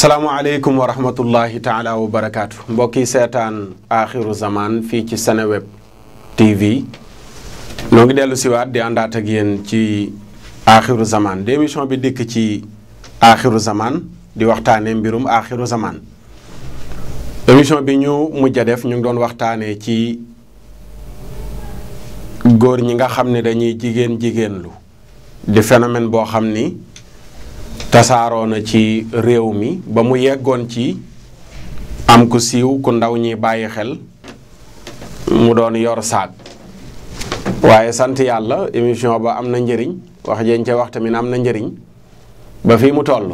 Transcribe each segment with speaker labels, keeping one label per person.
Speaker 1: asalaamaaleykum wa rahmatullahi taala wa barakaatu mbokki seetaan axiru zaman fii ci Seneweb TV noo ngi dellu siwaat di àndaat ak yéen ci axiru zaman di émission bi dikk ci axiru zaman di waxtaane mbirum axiru zaman émission bi ñu mujj a def ñu ngi doon waxtaanee ci góor ñi nga xam ni dañuy jigéen jigéenlu di phénomène boo xam ni tasaaroo na ci réew mi ba mu yeggoon ci am ku siiw ku ndaw ñi bàyyi xel mu doon yor saag waaye sant yàlla émission ba am na njëriñ wax jeñ ca wax tamit am na njariñ ba fii mu toll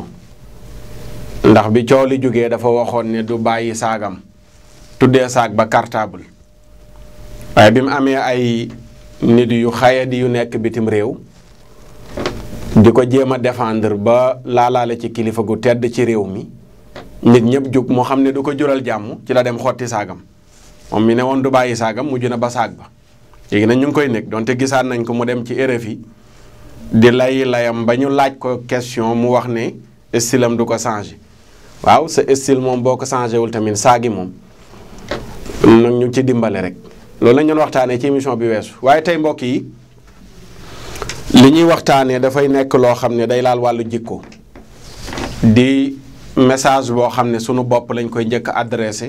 Speaker 1: ndax bi coow li jógee dafa waxoon ne du bàyyi saagam tuddee saag ba cartable waaye bi mu amee ay nit yu xayadi yu nekk bitim réew di ko jéem a défendre ba la ci kilifa gu tedd ci réew mi nit ñëpp jóg moo xam ne du ko jural jàmm ci la dem xotti saagam moom mi ne woon du bàyyi saagam mu jëna ba saag ba léegi nag ñu ngi koy nek donte gisaan nañ ko mu dem ci RFI di lay layam ba ñu laaj ko question mu wax ne estilam am du ko changé waaw sa estil moom boo ko changé wul tamit saagi moom nag ñu ci dimbale rek loolu lañ ñu waxtane ci émission bi wessu waye tay mbokk yi. li ñuy waxtaanee dafay nekk loo xam ne day laal wàllu jikko di message boo xam ne sunu bopp lañ koy njëkk adressé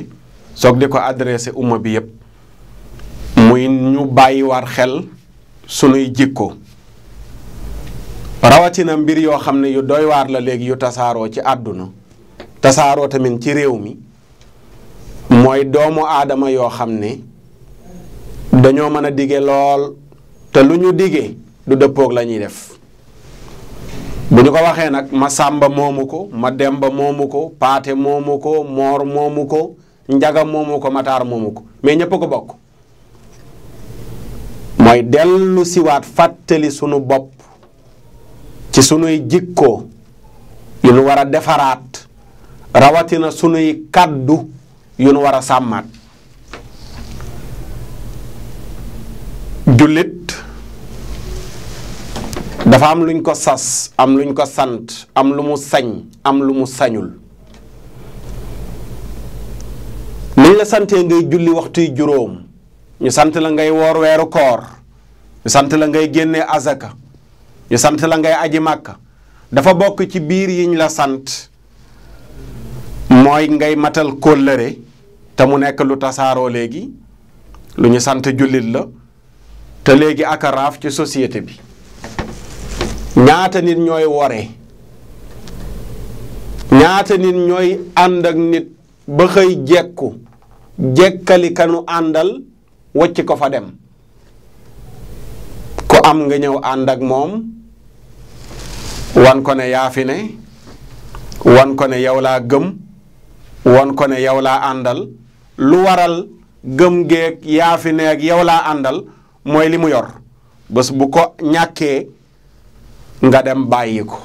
Speaker 1: soog di ko adressé umma bi yépp muy ñu bàyyi war xel sunuy jikko rawatina mbir yoo xam ne yu doy waar la léegi yu tasaaroo ci àdduna tasaaroo tamit ci réew mi mooy doomu aadama yoo xam ne dañoo mën a dige lool te lu ñu digee du deppok lañuy def buñu ko waxé nak ma samba momuko momoko, ma demba momuko paté momuko mor momuko njaga momuko matar momuko mais ñepp ko moy delu ci wat fatali sunu bop ci sunuy jikko yu nu defarat, rawatina sunu kaddu yu nu war samat, dafa am lu luñ ko sas am lu luñ ko sant am lu mu sañ am lu mu sañul liñ la santee ngay julli waxtu yu juróom ñu sant la ngay woor weeru koor ñu sant la ngay génne azaka ñu sant la ngay aji màkka dafa bokk ci biir yiñ la sant mooy ngay matal kóllëre te mu nekk lu tasaaroo léegi lu ñu sant jullit la te léegi ak raaf ci société bi ñaata nit ñooy wore ñaata nit ñooy ànd ak nit ba xëy jekku jekkali kanu àndal wacc ko fa dem ko am nga ñëw ànd ak moom wan ko ne yaa fi wan ko ne yow laa gëm wan ko ne yow laa àndal lu waral gëm geeg yaa fi ne ak yow laa àndal mooy li mu yor bés bu ko ñàkkee nga dem bàyyi ko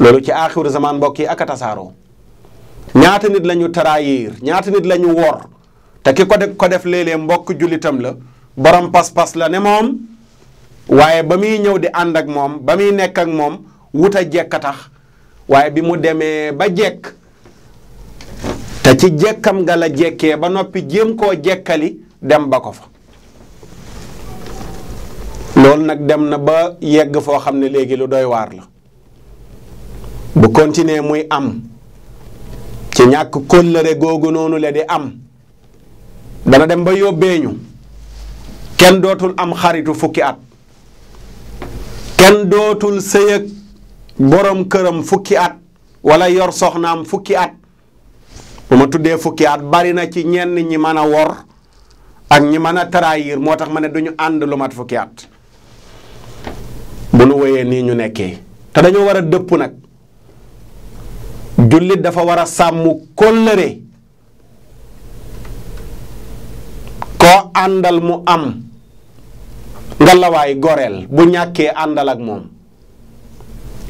Speaker 1: loolu ci aaxiru zaman mbokk yi ak a tasaaroo ñaata nit lañu ñu ñaata nit la ñu wor te ki ko def ko def léeg-léeg mbokk jullitam la borom pas-pas la ne moom waaye ba muy ñëw di ànd ak moom ba muy nekk ak moom wut a jekk a tax waaye bi mu demee ba jekk te ci jekkam nga la jekkee ba noppi jéem koo jekkali dem ba ko fa loolu nag dem na ba yegg foo xam ne léegi lu doy waar la bu continuer muy am ci ñàkk kóllëre googu noonu la di am dana dem ba yóbbee ñu kenn dootul am xaritu fukki at kenn dootul sëyëg boroom këram fukki at wala yor soxnaam fukki at bu ma tuddee fukki at bari na ci ñenn ñi mën a wor ak ñi mën a trahir moo tax ma ne du ñu ànd lu mat fukki at bu nu woyee nii ñu nekkee te dañoo war a dëpp nag jullit dafa war a sàmm kóllëre koo àndal mu am nga goreel bu ñàkkee àndal ak moom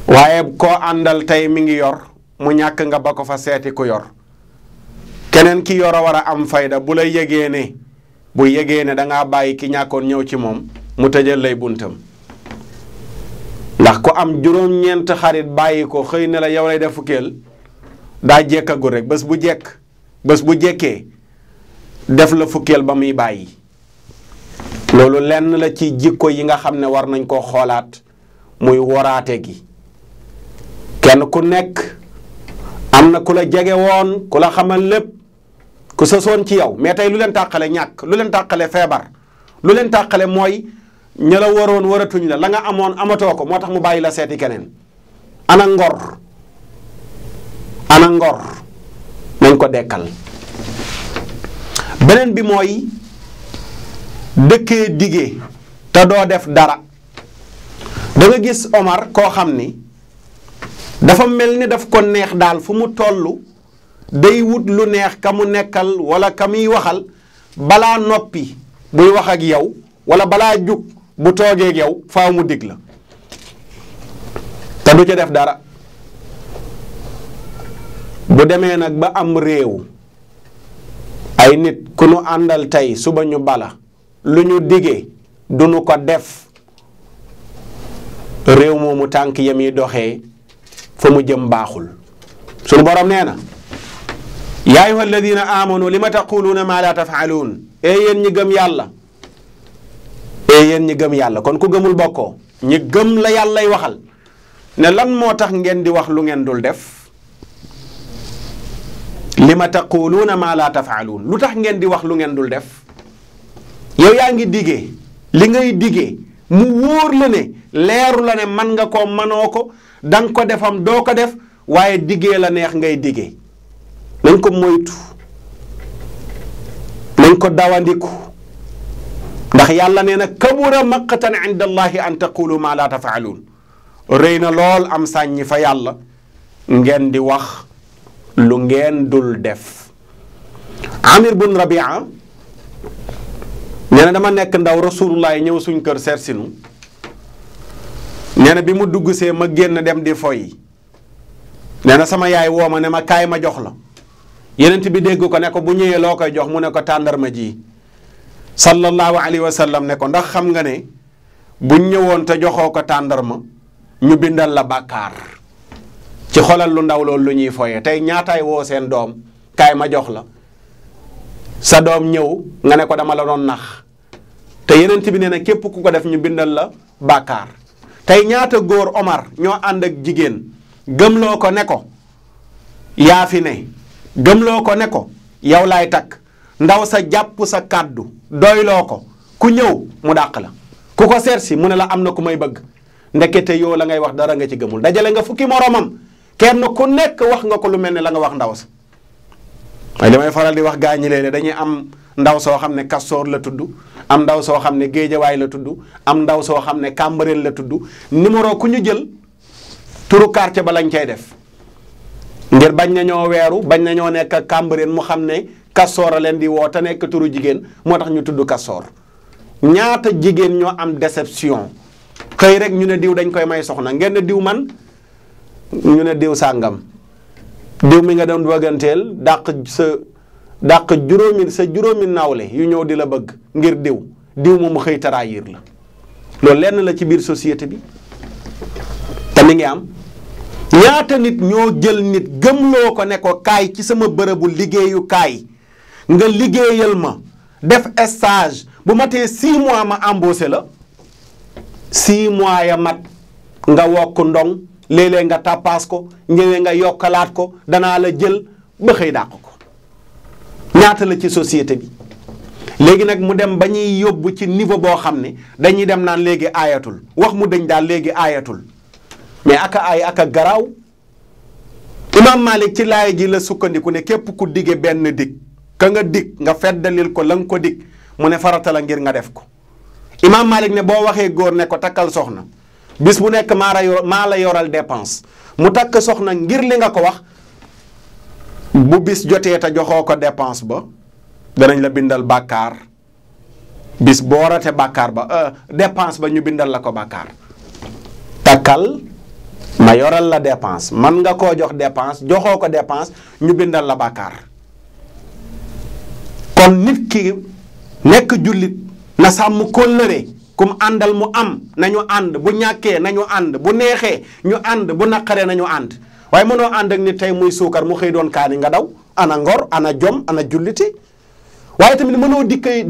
Speaker 1: waaye koo àndal tey mi ngi yor mu ñàkk nga ba ko fa seeti ku yor keneen ki yor a war a am fayda bu la yëgee ne bu yëgee ne danga ngaa bàyyi ki ñàkkoon ñëw ci moom mu tëjal lay buntam ndax ku am juróom-ñeent xarit bàyyi ko xëy na la yow lay def fukkeel daa jekkagul rek bés bu jekk bés bu jekkee def la fukkeel ba muy bàyyi loolu lenn la ci jikko yi nga xam ne war nañ koo xoolaat muy waraate gi kenn ku nekk am na ku la jege woon ku la xamal lépp ku sësoon ci yow mais tey lu leen tàqale ñàkk lu leen tàqale feebar lu leen tàqale mooy ña la waroon waratuñ la la nga amoon amatoo ko moo tax mu bàyyi la seeti keneen ana ngor ana ngor nañ ko dekkal beneen bi mooy dëkkee digee te doo def dara danga gis Omar koo xam ni dafa mel ni daf ko neex daal fu mu tollu day wut lu neex ka mu nekkal wala ka muy waxal balaa noppi buy wax ak yow wala balaa jug bu toogee yow faaw mu dig la te du ca def dara bu demee nag ba am réew ay nit ku nu àndal tey suba ñu bala lu ñu digee du nu ko def réew moomu tànk yam yi doxee fa mu jëm baaxul sunu borom nee na yaa ayyuha alladina amanu li ma taquluuna maa laa tafaaluun yàlla Eh, yéen ñi gëm yàlla kon ku gëmul bokkoo ñi gëm la yàllay waxal ne lan moo tax ngeen di wax lu ngeen dul def li ma taquluuna maa laa tafaaluun lu tax ngeen di wax lu ngeen dul def yow yaa ngi digee li ngay digee mu wóor la ne leeru la ne man nga ko manoo ko dang ko defam doo ko def waaye digee la neex ngay digee nañ ko moytu nañ ko dawandiku ndax yàlla nee na kabura maqatan inda allahi an taqulu ma la tafaaluun rëy na lool am sàññi fa yàlla ngeen di wax lu ngeen dul def amir bun rabia nee na dama nekk ndaw rasulullah yi ñëw suñ kër sersinu nee na bi mu dugg see ma génn dem di foy nee na sama yaay woo ma ne ma kaay ma jox la yenent bi dégg ko ne ko bu ñëwee loo koy jox mu ne ko tàndarma ji sallallahu alayhi wa sallam ne ko ndax xam nga ne buñ ñëwoon te joxoo ko tàndarma ñu bindal la bàkkaar ci xolal lu ndaw loolu lu ñuy foye tey ñaataay woo seen doom kaay ma jox la sa doom ñëw nga ne ko dama la doon nax te yeneen bi nee na képp ku ko def ñu bindal la bàkkaar tey ñaata góor Omar ñoo ànd ak jigéen gëmloo ko ne ko yaa fi ne gëmloo ko ne ko yow laay takk ndaw sa jàpp sa kàddu doyloo ko ku ñëw mu dàq la ku ko seet si mu ne la am na ku may bëgg ndekete yow la ngay wax dara nga ci gëmul dajale nga fukki moroomam kenn ku nekk wax nga ko lu mel ne la nga wax ndaw sa waaye li may faral di wax gaa ñi léeg-léeg dañuy am ndaw soo xam ne kastoor la tudd am ndaw soo xam ne géejawaay la tudd am ndaw soo xam ne kàmbareel la tudd numéro ku ñu jël turu quartier ba lañ cay def ngir bañ nañoo weeru bañ nañoo nekk Cambérène mu xam ne Kastoor a leen di woo te nekk turu jigéen moo tax ñu tudd Kastoor ñaata jigéen ñoo am déception xëy rek ñu ne diw dañ koy may soxna ngeen ne diw man ñu ne diw sàngam diw mi nga doon bëgganteel dàq sa dàq juróomi sa juróomi nawle yu ñëw di la bëgg ngir diw diw moomu xëy trahir la loolu lenn la ci biir société bi te mi ngi am. ñaata nit ñoo jël nit gëmloo ko ne ko kaay ci sama bërëbu liggéeyukaay nga liggéeyal ma def stage bu matee six mois ma embauché la six mois ya mat nga wokk ndong léeg nga tàppaas ko ñëwee nga yokkalaat ko danaa la jël ba xëy dàq ko ñaata la ci société bi léegi nag mu dem ba ñuy yóbbu ci niveau boo xam ne dañuy dem naan léegi aayatul wax mu dëñ daal léegi aayatul mais aka ay aka garaaw imaam Malik ci laay ji la sukkandiku ne képp ku dige benn dig ka nga dig nga feddalil ko lang ko dig mu ne faratala ngir nga def ko imaam Malik ne boo waxee góor ne ko takkal soxna bis bu nekk maa la yor yoral dépense mu takk soxna ngir li nga ko wax bu bis jotee te joxoo ko dépense ba danañ la bindal bàkkaar bis boo rate bàkkaar ba euh, dépense ba ñu bindal la ko bàkkaar takkal ma yoral la dépense man nga koo jox dépense joxoo ko dépense ñu bindal la bàkkaar kon nit ki nekk jullit na sàmm kóllëre kum àndal mu am nañu ànd bu ñàkkee nañu ànd bu neexee ñu ànd bu naqaree nañu ànd waaye mënoo ànd ak nit tey muy suukar mu xëy doon kaani nga daw ana ngor ana jom ana julliti waaye tamit mënoo dikkee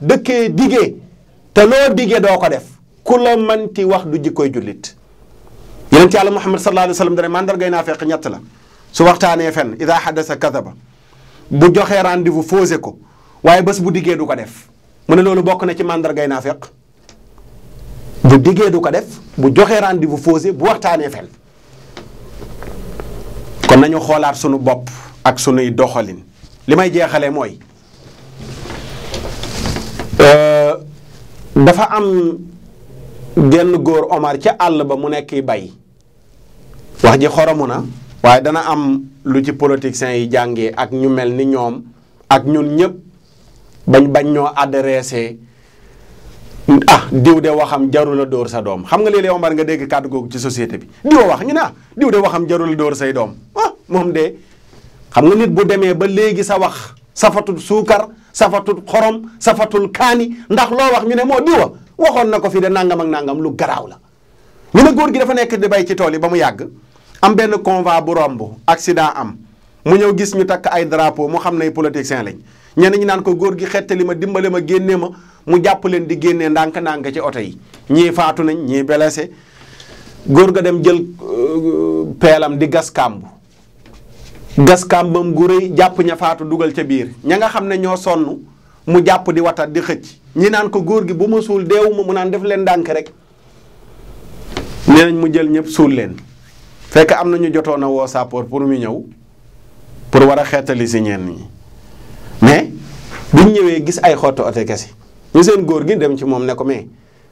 Speaker 1: dëkkee digee te loo digee doo ko def ku la mënti wax du jikkoy jullit yonent yàlla Muhammad sallallahu alayhi wa sallam dane mandargay naafeq ñett la su waxtaanee fenn ida xadasa kadaba bu joxee rendez-vous fausé ko waaye bés bu diggee du ko def mu ne loolu bokk na ci mandargay naafeq bu diggee du ko def bu joxee rendez-vous fausé bu waxtaanee fenn kon nañu xoolaat sunu bopp ak sunuy doxalin li may jeexalee mooy dafa am ben goor Omar ci all ba mu nekk bay wax ji xoromu waye dana am lu ci politiciens yi jangé ak ñu mel ni ak ñun ñëpp bañ bañ ño adressé ah diw de waxam jarul a sa dom xam nga lélé Omar nga dégg kaddu gog ci société bi diwa wax ñu na ah, diw de waxam jarul a say dom ah mom dé xam nga nit bu démé ba légui sa wax safatul sukar safatul khorom safatul kani ndax lo wax ñu ne diwa waxoon na ko fii de nangam ak nangam lu garaaw la ñu ne góor gi dafa nekk di bay ci tool yi ba mu yàgg am benn convoi bu romb accident am mu ñëw gis ñu takk ay drapeau mu xam ne politiciens lañ ñenn ñu naan ko góor gi xettali ma dimbale ma génnee ma mu jàpp leen di génnee ndànk-ndànk ci oto yi ñii faatu nañ ñii blessé góor ga dem jël euh, peelam di gas kàmbu gas kàmbam gu rëy jàpp ña faatu dugal ca biir ña nga xam ne ñoo sonn. mu jàpp di watat di xëcc ñi naan ko góor gi bu ma suul deewu ma mu naan def leen dànk rek nee nañ mu jël ñëpp suul leen fekk am na ñu jotoon a woo sappoor pour mu ñëw pour war a xeetali si ñenn ñi mais biñ ñëwee gis ay xottu oto kese ñu seen góor gi dem ci moom ne ko mais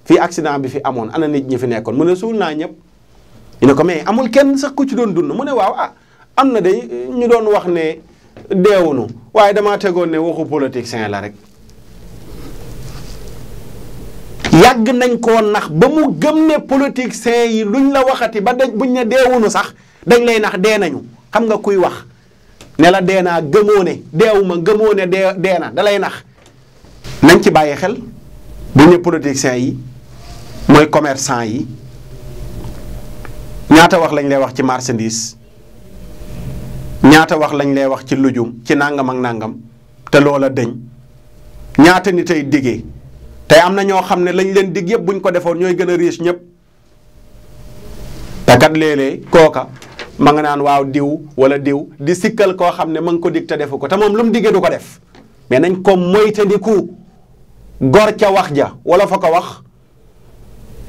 Speaker 1: fii accident bi fi amoon ana nit ñi fi nekkoon mu ne suul naa ñëpp ñu ne ko mais amul kenn sax ku ci doon dund mu ne waaw ah am na de ñu doon wax ne. deewunu waaye damaa tegoon ne waxu politicien la rek yàgg nañ koo nax ba mu gëm ne politicien yi luñ la waxati ba dañ buñ ne deewunu sax dañ lay nax dee nañu xam nga kuy wax ne la dee naa gëmoo ne deewuma gëmoo ne dee dee na da nax nañ ci bàyyi xel buñ ne politiciens yi mooy commerçant yi ñaata wax lañ lay wax ci marchandise. ñaata wax lañu lay wax ci lujum ci nangam ak nangam te loola dëñ ñaata nit tey digee tey am na ñoo xam ne lañu leen dig yëpp buñ ko defoon ñooy gën a riche ñëpp te kat léeg kooka ma nga naan waaw diw wala diw di sikkal koo xam ne ma nga ko dig te defu ko te moom lu mu diggee du ko def mais nañ ko moytandiku gor ca wax ja wala fa ko wax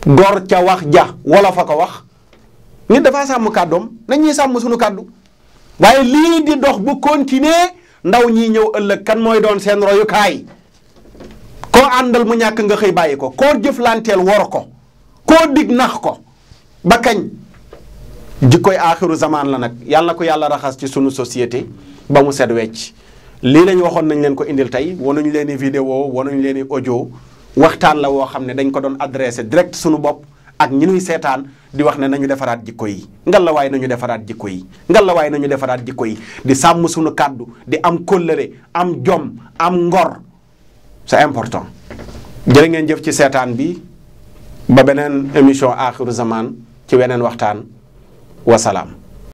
Speaker 1: gor ca wax ja wala fa ko wax nit dafa sàmm kàddoom nañuy sàmm sunu kàddu waaye lii di dox bu continuer ndaw ñi ñëw ëllëg kan mooy doon seen royukaay ko àndal mu ñàkk nga xëy bàyyi ko ko jëflanteel wor ko ko dig nax ko ba kañ jikkoy aaxiru zamaan la nag yàlla ko yàlla raxas ci sunu société ba mu set wecc lii lañu waxoon nañ leen ko indil tey wanuñ leen woo vidéo wanuñ leen i audio waxtaan la woo xam ne dañ ko doon adressé direct sunu bopp ak ñi nuy seetaan di wax ne nañu defaraat jikko yi ngallaawaay nañu defaraat jikko yi ngallaawaay nañu defaraat jikko yi di sàmm sunu kàddu di am kóllëre am jom am ngor c'est important. jërë ngeen jëf ci seetaan bi ba beneen émission axiru zaman ci weneen waxtaan wasalaam.